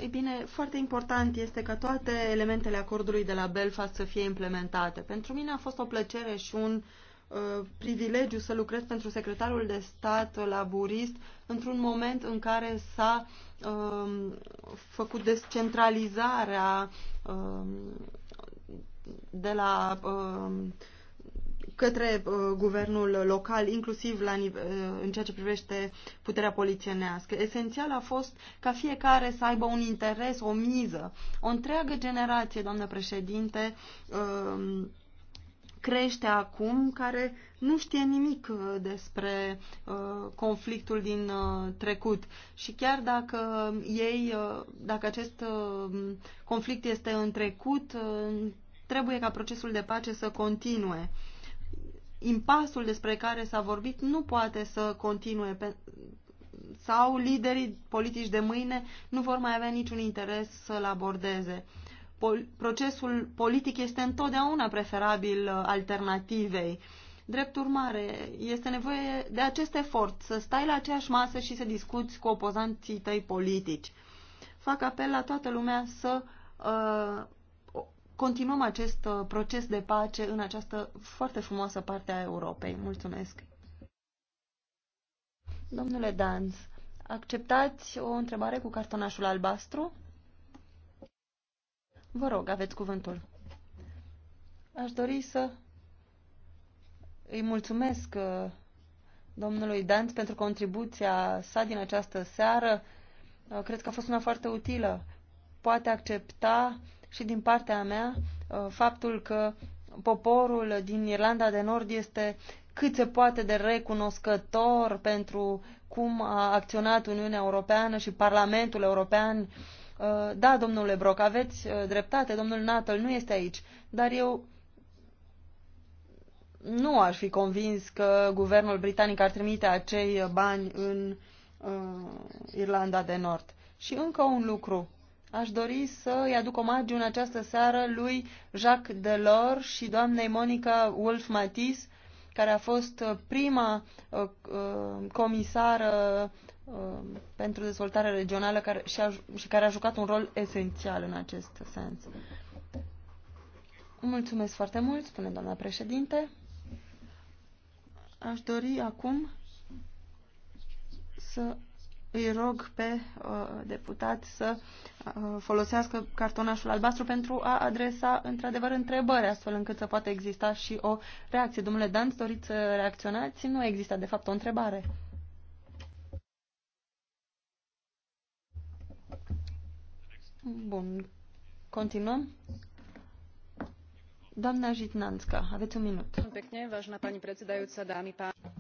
Ei bine, foarte important este ca toate elementele acordului de la Belfast să fie implementate. Pentru mine a fost o plăcere și un uh, privilegiu să lucrez pentru secretarul de stat la Burist într-un moment în care s-a uh, făcut descentralizarea uh, de la uh, către uh, guvernul local, inclusiv la, uh, în ceea ce privește puterea polițienească. Esențial a fost ca fiecare să aibă un interes, o miză. O întreagă generație, doamnă președinte, um, crește acum, care nu știe nimic uh, despre conflictul din trecut. Și chiar dacă ei, dacă acest um, conflict este în trecut, trebuie ca procesul de pace să continue impasul despre care s-a vorbit nu poate să continue pe, sau liderii politici de mâine nu vor mai avea niciun interes să-l abordeze. Pol procesul politic este întotdeauna preferabil uh, alternativei. Drept urmare, este nevoie de acest efort, să stai la aceeași masă și să discuți cu opozanții tăi politici. Fac apel la toată lumea să uh, continuăm acest uh, proces de pace în această foarte frumoasă parte a Europei. Mulțumesc! Domnule Danz, acceptați o întrebare cu cartonașul albastru? Vă rog, aveți cuvântul. Aș dori să îi mulțumesc uh, domnului Danț pentru contribuția sa din această seară. Uh, cred că a fost una foarte utilă. Poate accepta și din partea mea uh, faptul că poporul din Irlanda de Nord este cât se poate de recunoscător pentru cum a acționat Uniunea Europeană și Parlamentul European. Uh, da, domnule Broc, aveți uh, dreptate, domnul Natal nu este aici, dar eu nu aș fi convins că guvernul britanic ar trimite acei bani în Irlanda de Nord. Și încă un lucru aș dori să îi aduc omagiu în această seară lui Jacques Delors și doamnei Monica Wolf Matisse, care a fost uh, prima uh, uh, comisară pentru dezvoltare regională care, și, a, și care a jucat un rol esențial în acest sens. Mulțumesc foarte mult, spune doamna președinte. Aș dori acum să îi rog pe uh, deputat să uh, folosească cartonașul albastru pentru a adresa într-adevăr întrebări, astfel încât să poată exista și o reacție. Domnule Dan, doriți să reacționați? Nu există, de fapt, o întrebare. Bun. Continuăm. Doamna Jitnanska, aveți un minut.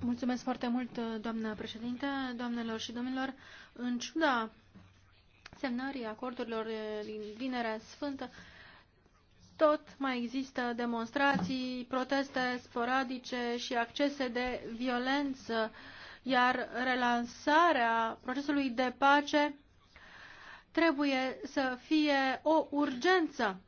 Mulțumesc foarte mult, doamna președinte, doamnelor și domnilor. În ciuda semnării acordurilor din Vinerea Sfântă, tot mai există demonstrații, proteste sporadice și accese de violență, iar relansarea procesului de pace trebuie să fie o urgență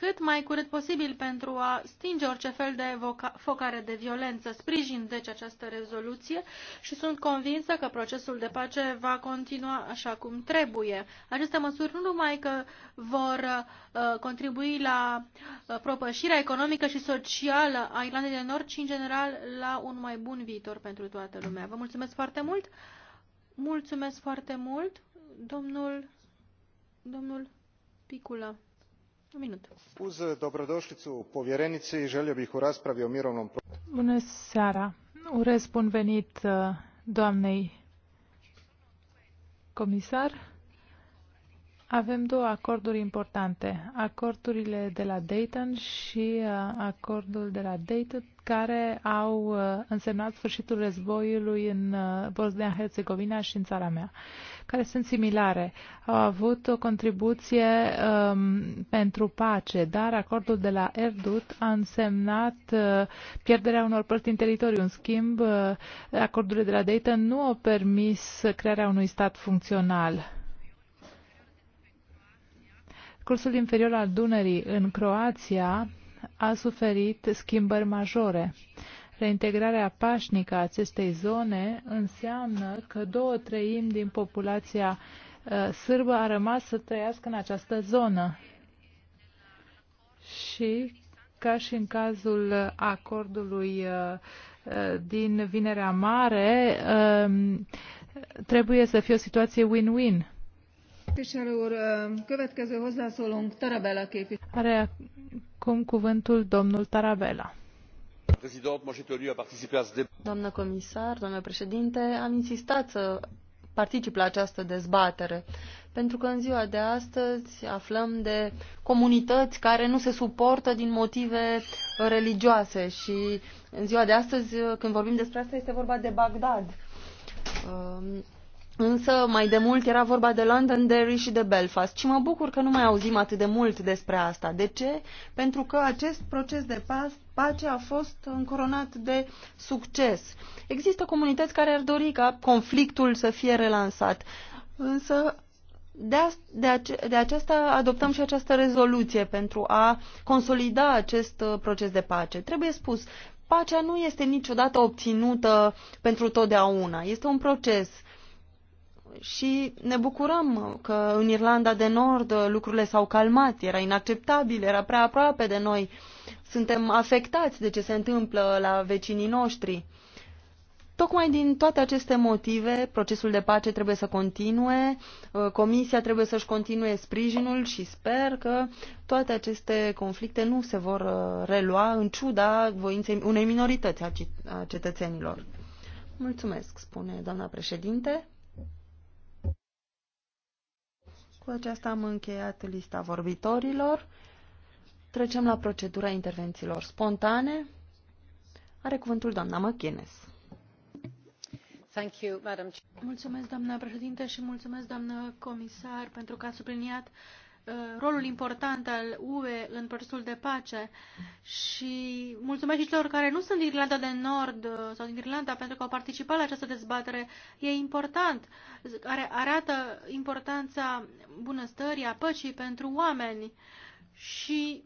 cât mai curând posibil pentru a stinge orice fel de focare de violență. Sprijin deci această rezoluție și sunt convinsă că procesul de pace va continua așa cum trebuie. Aceste măsuri nu numai că vor uh, contribui la uh, propășirea economică și socială a Irlandei de Nord, ci în general la un mai bun viitor pentru toată lumea. Vă mulțumesc foarte mult! Mulțumesc foarte mult, domnul, domnul Picula uz eh, dobrodolicu povjerenici elio bih u raspravi o mirovnom bună seara urez bun venit eh, doamnei comisar avem două acorduri importante, acordurile de la Dayton și uh, acordul de la Dayton, care au uh, însemnat sfârșitul războiului în uh, Bosnia-Herzegovina și în țara mea, care sunt similare. Au avut o contribuție um, pentru pace, dar acordul de la Erdut a însemnat uh, pierderea unor părți din teritoriu. În schimb, uh, acordurile de la Dayton nu au permis crearea unui stat funcțional cursul inferior al Dunării în Croația a suferit schimbări majore. Reintegrarea pașnică a acestei zone înseamnă că două treimi din populația uh, sârbă a rămas să trăiască în această zonă. Și ca și în cazul acordului uh, uh, din Vinerea Mare, um, trebuie să fie o situație win-win. Are acum cuvântul domnul Tarabella. Doamnă comisar, domnule președinte, am insistat să particip la această dezbatere, pentru că în ziua de astăzi aflăm de comunități care nu se suportă din motive religioase și în ziua de astăzi, când vorbim despre asta, este vorba de Bagdad. Însă mai de mult era vorba de Londonderry și de Belfast și mă bucur că nu mai auzim atât de mult despre asta. De ce? Pentru că acest proces de pas, pace a fost încoronat de succes. Există comunități care ar dori ca conflictul să fie relansat. Însă de, a, de, ace, de aceasta adoptăm și această rezoluție pentru a consolida acest uh, proces de pace. Trebuie spus, pacea nu este niciodată obținută pentru totdeauna. Este un proces și ne bucurăm că în Irlanda de Nord lucrurile s-au calmat, era inacceptabil, era prea aproape de noi. Suntem afectați de ce se întâmplă la vecinii noștri. Tocmai din toate aceste motive, procesul de pace trebuie să continue, uh, Comisia trebuie să-și continue sprijinul și sper că toate aceste conflicte nu se vor uh, relua în ciuda voinței unei minorități a cetățenilor. Mulțumesc, spune doamna președinte. Cu aceasta am încheiat lista vorbitorilor. Trecem la procedura intervențiilor spontane. Are cuvântul doamna McGuinness. Mulțumesc, doamna președinte, și mulțumesc, doamna comisar, pentru că a subliniat Uh, rolul important al UE în procesul de pace și mulțumesc și celor care nu sunt din Irlanda de Nord uh, sau din Irlanda pentru că au participat la această dezbatere. E important, care arată importanța bunăstării, a păcii pentru oameni și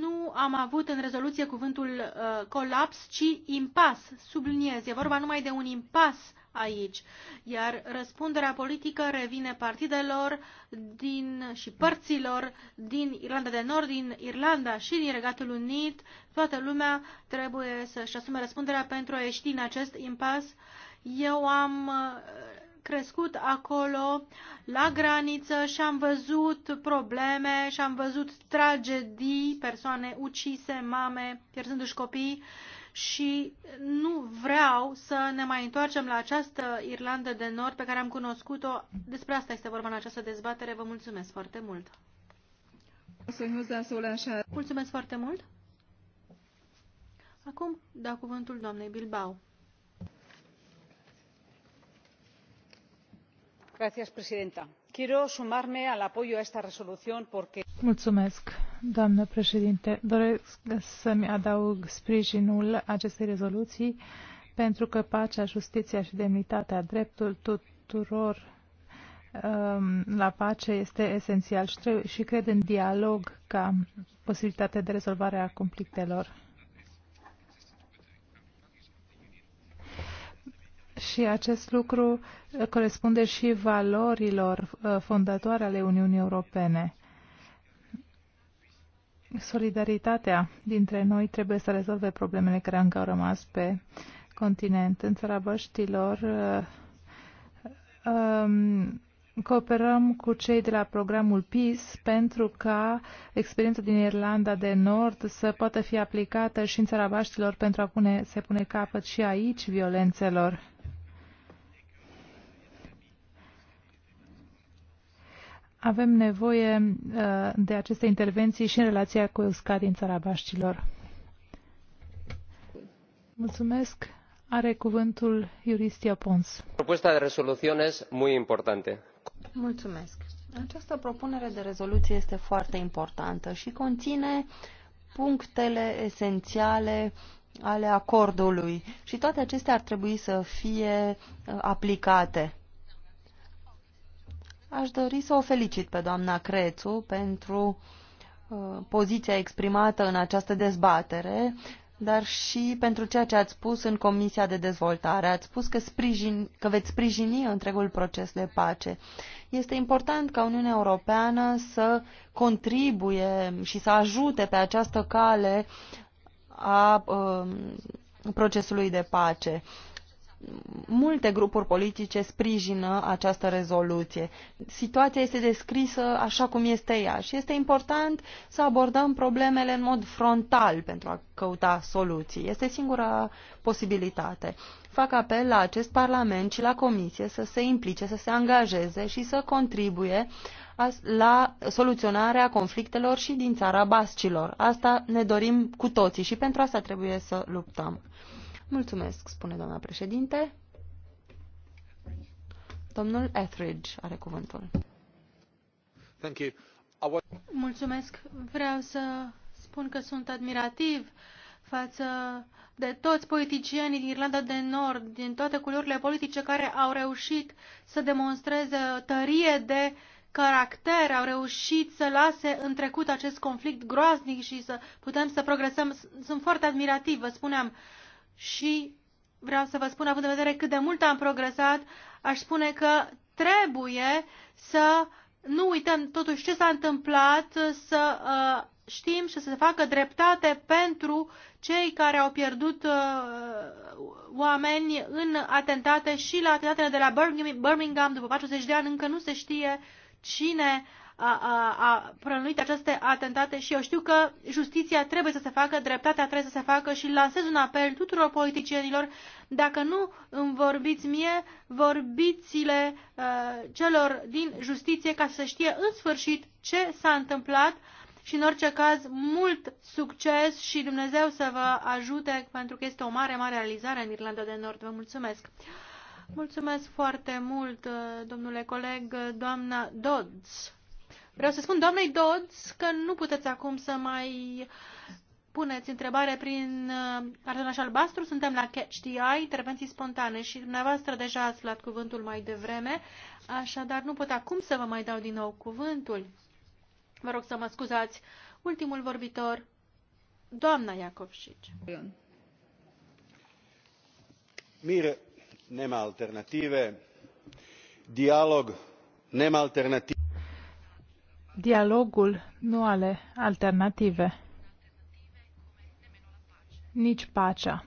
nu am avut în rezoluție cuvântul uh, colaps, ci impas, subliniez. E vorba numai de un impas aici. Iar răspunderea politică revine partidelor din, și părților din Irlanda de Nord, din Irlanda și din Regatul Unit. Toată lumea trebuie să-și asume răspunderea pentru a ieși din acest impas. Eu am uh, crescut acolo, la graniță, și am văzut probleme, și am văzut tragedii, persoane ucise, mame, pierzându-și copii și nu vreau să ne mai întoarcem la această Irlandă de Nord pe care am cunoscut-o. Despre asta este vorba în această dezbatere. Vă mulțumesc foarte mult! Mulțumesc foarte mult! Acum dau cuvântul doamnei Bilbao. Gracias, presidenta. Mulțumesc, doamnă președinte. Doresc să-mi adaug sprijinul acestei rezoluții pentru că pacea, justiția și demnitatea, dreptul tuturor um, la pace este esențial și, și cred în dialog ca posibilitate de rezolvare a conflictelor. Și acest lucru uh, corespunde și valorilor uh, fondatoare ale Uniunii Europene. Solidaritatea dintre noi trebuie să rezolve problemele care încă au rămas pe continent. În țara Băștilor uh, um, cooperăm cu cei de la programul PIS pentru ca experiența din Irlanda de Nord să poată fi aplicată și în țara Baștilor pentru a pune, se pune capăt și aici violențelor avem nevoie uh, de aceste intervenții și în relația cu USCA din țara Baștilor. Mulțumesc. Are cuvântul Iuristia Pons. Propunerea de rezoluție este foarte importantă. Mulțumesc. Această propunere de rezoluție este foarte importantă și conține punctele esențiale ale acordului și toate acestea ar trebui să fie uh, aplicate. Aș dori să o felicit pe doamna Crețu pentru uh, poziția exprimată în această dezbatere, dar și pentru ceea ce ați spus în Comisia de Dezvoltare. Ați spus că, sprijin, că veți sprijini întregul proces de pace. Este important ca Uniunea Europeană să contribuie și să ajute pe această cale a a uh, procesului de pace multe grupuri politice sprijină această rezoluție. Situația este descrisă așa cum este ea și este important să abordăm problemele în mod frontal pentru a căuta soluții. Este singura posibilitate. Fac apel la acest Parlament și la Comisie să se implice, să se angajeze și să contribuie la soluționarea conflictelor și din țara bascilor. Asta ne dorim cu toții și pentru asta trebuie să luptăm. Mulțumesc, spune doamna președinte. Domnul Etheridge are cuvântul. Mulțumesc. Vreau să spun că sunt admirativ față de toți politicienii din Irlanda de Nord, din toate culorile politice care au reușit să demonstreze tărie de caracter, au reușit să lase în trecut acest conflict groaznic și să putem să progresăm. Sunt foarte admirativ, vă spuneam. Uh, și vreau să vă spun, având în vedere cât de mult am progresat, aș spune că trebuie să nu uităm totuși ce s-a întâmplat, să uh, știm și să se facă dreptate pentru cei care au pierdut uh, oameni în atentate și la atentatele de la Birmingham, după 40 de ani, încă nu se știe cine a, a, prănuit aceste atentate și eu știu că justiția trebuie să se facă, dreptatea trebuie să se facă și lansez un apel tuturor politicienilor, dacă nu îmi vorbiți mie, vorbiți-le uh, celor din justiție ca să știe în sfârșit ce s-a întâmplat și în orice caz mult succes și Dumnezeu să vă ajute pentru că este o mare, mare realizare în Irlanda de Nord. Vă mulțumesc! Mulțumesc foarte mult, uh, domnule coleg, uh, doamna Dodds. Vreau să spun doamnei Dodds că nu puteți acum să mai puneți întrebare prin uh, cartonaș albastru. Suntem la Catch the Eye, intervenții spontane și dumneavoastră deja ați luat cuvântul mai devreme, așadar nu pot acum să vă mai dau din nou cuvântul. Vă rog să mă scuzați. Ultimul vorbitor, doamna Iacovșici. Mir nema alternative, dialog nema alternative dialogul, nu ale alternative, nici pacea.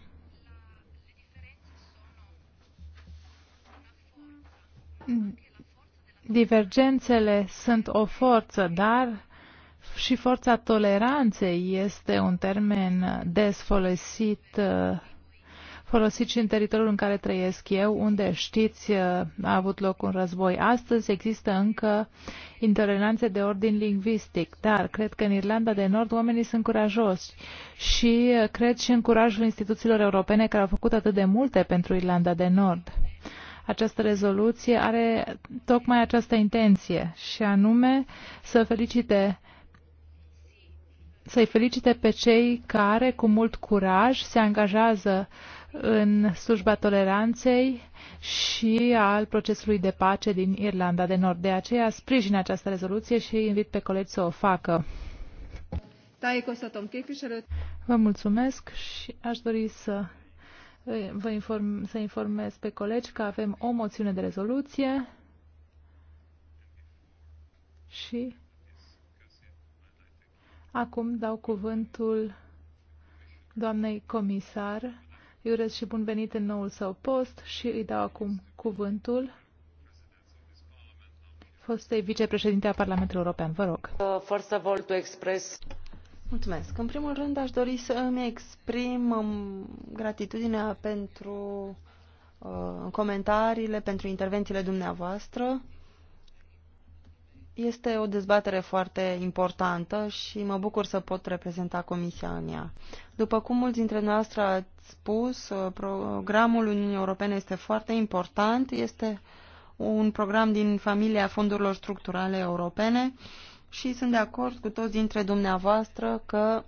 Divergențele sunt o forță, dar și forța toleranței este un termen des folosit uh, folosit și în teritoriul în care trăiesc eu, unde știți uh, a avut loc un război. Astăzi există încă intoleranțe de ordin lingvistic, dar cred că în Irlanda de Nord oamenii sunt curajoși și uh, cred și în curajul instituțiilor europene care au făcut atât de multe pentru Irlanda de Nord. Această rezoluție are tocmai această intenție și anume să felicite să-i felicite pe cei care, cu mult curaj, se angajează în slujba toleranței și al procesului de pace din Irlanda de Nord. De aceea sprijin această rezoluție și invit pe colegi să o facă. Vă mulțumesc și aș dori să eh, vă inform, să informez pe colegi că avem o moțiune de rezoluție și Acum dau cuvântul doamnei comisar. Îi urez și bun venit în noul său post și îi dau acum cuvântul fostei vicepreședinte a Parlamentului European. Vă rog. First of all, to express... Mulțumesc. În primul rând, aș dori să îmi exprim um, gratitudinea pentru uh, comentariile, pentru intervențiile dumneavoastră. Este o dezbatere foarte importantă și mă bucur să pot reprezenta Comisia în ea. După cum mulți dintre noastre ați spus, uh, programul Uniunii Europene este foarte important. Este un program din familia fondurilor structurale europene și sunt de acord cu toți dintre dumneavoastră că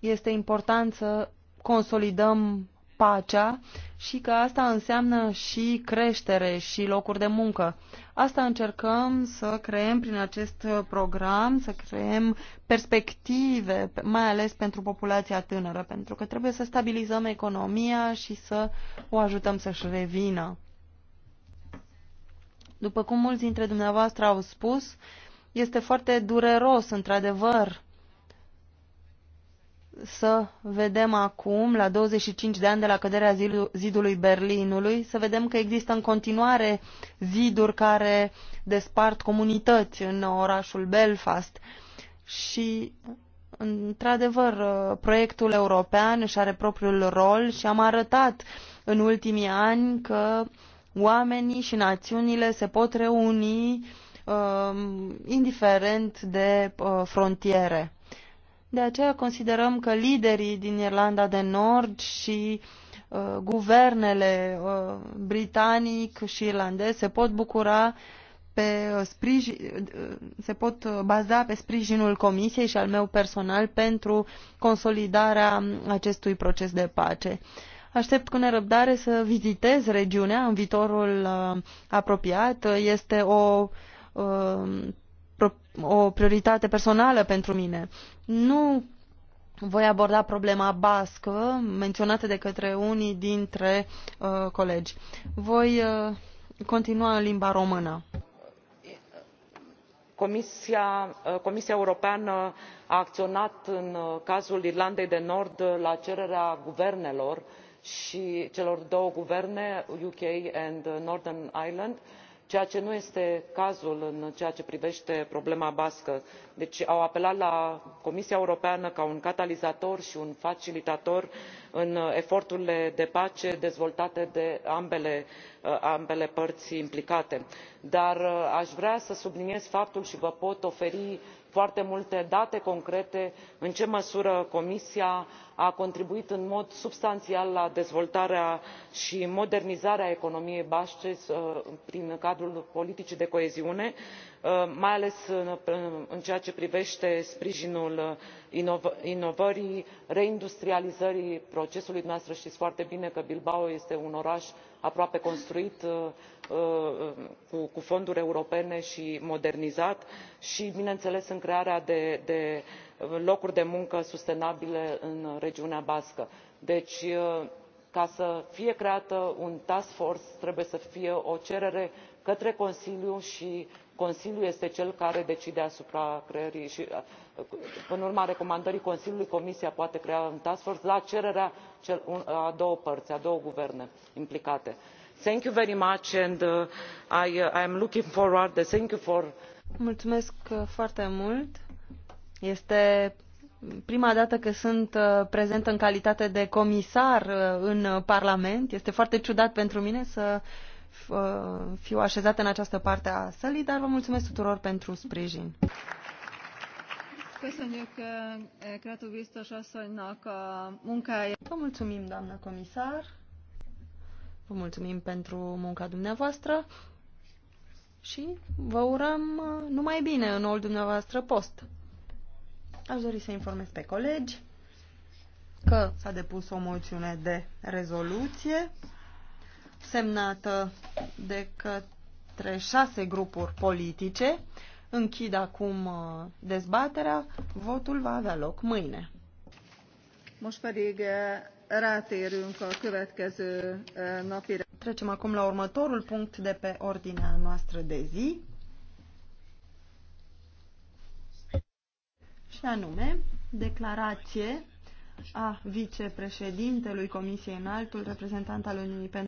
este important să consolidăm pacea și că asta înseamnă și creștere și locuri de muncă. Asta încercăm să creăm prin acest program, să creăm perspective, mai ales pentru populația tânără, pentru că trebuie să stabilizăm economia și să o ajutăm să-și revină. După cum mulți dintre dumneavoastră au spus, este foarte dureros, într-adevăr, să vedem acum, la 25 de ani de la căderea zidului Berlinului, să vedem că există în continuare ziduri care despart comunități în orașul Belfast. Și, într-adevăr, proiectul european își are propriul rol și am arătat în ultimii ani că oamenii și națiunile se pot reuni um, indiferent de uh, frontiere de aceea considerăm că liderii din Irlanda de Nord și uh, guvernele uh, britanic și irlandez se pot bucura pe uh, sprijin, se pot baza pe sprijinul Comisiei și al meu personal pentru consolidarea acestui proces de pace. Aștept cu nerăbdare să vizitez regiunea în viitorul apropiat. Este o o prioritate personală pentru mine. Nu voi aborda problema bască menționată de către unii dintre uh, colegi. Voi uh, continua în limba română. Comisia, uh, Comisia Europeană a acționat în uh, cazul Irlandei de Nord la cererea guvernelor și celor două guverne, UK and Northern Ireland, uh, ceea ce nu este cazul în ceea ce privește problema bască deci au apelat la comisia europeană ca un catalizator și un facilitator în eforturile de pace dezvoltate de ambele uh, părți implicate dar uh, aș vrea să subliniez faptul și vă pot oferi foarte multe date concrete în ce măsură comisia a contribuit în mod substanțial la dezvoltarea și modernizarea economiei basce prin cadrul politicii de coeziune uh, mai ales în ceea ce privește sprijinul inovării reindustrializării procesului dumneavoastră știți foarte bine că bilbao este un oraș aproape construit uh, uh, cu fonduri europene și modernizat și bineînțeles în crearea de locuri de muncă sustenabile în regiunea bască. deci ca să fie creată un task force trebuie să fie o cerere către consiliu și consiliul este cel care decide asupra creării și în urma recomandării consiliului comisia poate crea un task force la cererea a două părți a două guverne implicate. thank you very much and uh, uh, i am looking forward thank you for mulțumesc uh, foarte mult este prima dată că sunt uh, prezentă în calitate de comisar uh, în uh, Parlament. Este foarte ciudat pentru mine să fiu așezată în această parte a sălii, dar vă mulțumesc tuturor pentru sprijin. Vă mulțumim, doamnă comisar. Vă mulțumim pentru munca dumneavoastră și vă urăm numai bine în noul dumneavoastră post. Aș dori să informez pe colegi că s-a depus o moțiune de rezoluție semnată de către șase grupuri politice. Închid acum uh, dezbaterea. Votul va avea loc mâine. Most pedig uh, rátérünk a következő uh, napire. Trecem acum la următorul punct de pe ordinea noastră de zi. și anume declarație a vicepreședintelui Comisiei Înaltul, reprezentant al Uniunii pentru